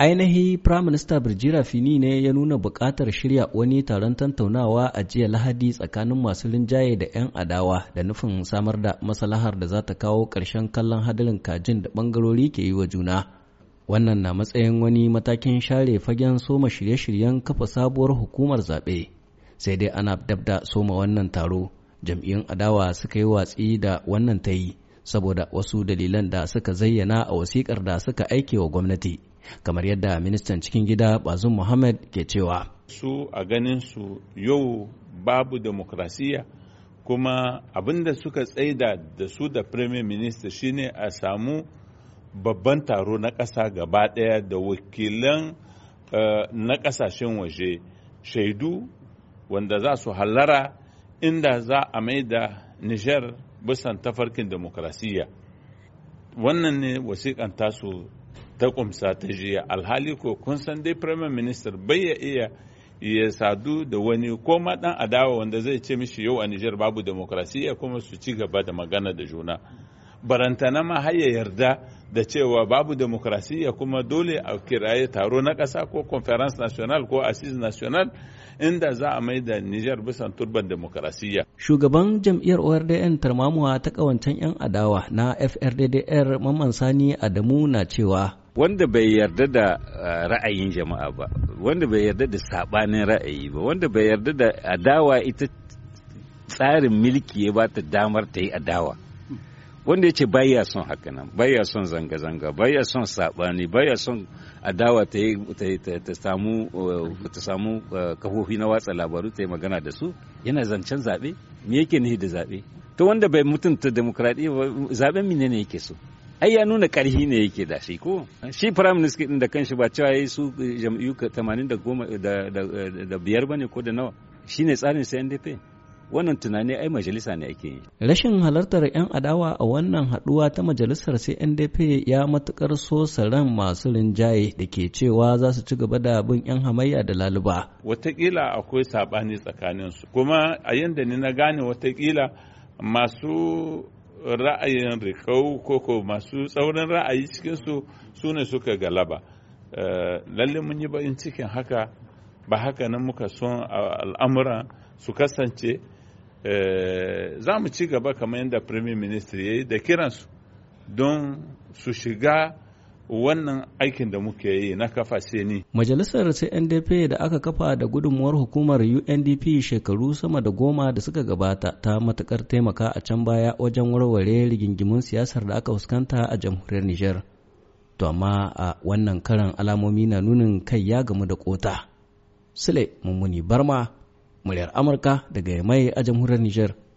ainihi firaminista birjira fini ne ya nuna buƙatar shirya wani taron tattaunawa a jiya lahadi tsakanin masu rinjaye da 'yan adawa da nufin samar da masalahar da za ta kawo ƙarshen kallon hadarin kajin da ɓangarori ke yi wa juna wannan na matsayin wani matakin share fagen soma shirye-shiryen kafa sabuwar hukumar zaɓe sai dai ana dabda da soma wannan taro jam'iyyun adawa suka yi watsi da wannan ta yi saboda wasu dalilan da suka zayyana a wasikar da suka aike wa gwamnati kamar yadda ministan cikin gida bazum muhammad ke cewa su a ganin su yau babu demokrasiya kuma abinda suka tsaida da su da premier minister shine a samu babban taro na ƙasa gaba ɗaya da wakilan eh, na ƙasashen waje shaidu wanda za su hallara inda za a maida nijar bisan tafarkin demokrasiya wannan ne wasiƙan tasu ta kumsa ta jiya alhali ko kun san dai prime minister bai ya iya ya sadu da wani ko ma dan adawa wanda zai ce mishi yau a Nijar babu demokrasiya kuma su ci gaba da magana da juna barantana ma har ya yarda da cewa babu demokrasiya kuma dole a kiraye taro na ƙasa ko conference national ko assis national inda za a mai da Nijar bisan turban demokrasiya. Shugaban jam'iyyar ORDN tarmamuwa ta kawancen 'yan adawa na FRDDR Mamman Sani Adamu na cewa wanda bai yarda da eh, ra'ayin jama'a ba wanda bai yarda da sabanin ra'ayi ba wanda bai yarda da adawa ita tsarin milki ya ba ta damar ta yi adawa wanda ya ce baya son haka nan baya son zanga-zanga baya son sabani baya son adawa ta ta samu eh, eh, kafofi na watsa labaru ta yi magana da su yana zancen zaɓe me yake nihi da zaɓe ta wanda bai mutunta demokradiyya zaɓen mine ne yake so ai ya nuna karhi ne yake da shi ko shi prime minister din da kanshi ba cewa yayi su eh, jam'iyyu 80 eh, da da eh, biyar bane ko da nawa shine tsarin sai wannan tunani ai majalisa ne ake yi rashin halartar 'yan adawa a wannan haduwa ta majalisar cndp ya matukar so ran masu rinjaye da ke cewa za su ci gaba da bin 'yan hamayya da laluba watakila akwai sabani tsakaninsu kuma a yanda ni na gane watakila masu ra'ayin rikau koko masu tsaurin ra'ayi cikinsu su ne suka galaba eh, lalle mun yi bayin cikin haka ba haka nan muka son al'amuran su kasance eh, za mu ci gaba kamar yadda premier minister ya yi da kiransu don su shiga wannan aikin da muke yi na kafa ni. Majalisar CNDP da aka kafa da gudunmuwar hukumar UNDP shekaru sama da goma da suka gabata ta matukar taimaka a can baya wajen warware rigingimun siyasar da aka fuskanta a jamhuriyar Nijar. To amma a wannan karan alamomi na nunin kai ya gamu da kota. Sule Mummuni Barma, muryar Amurka daga mai a jamhuriyar Nijar.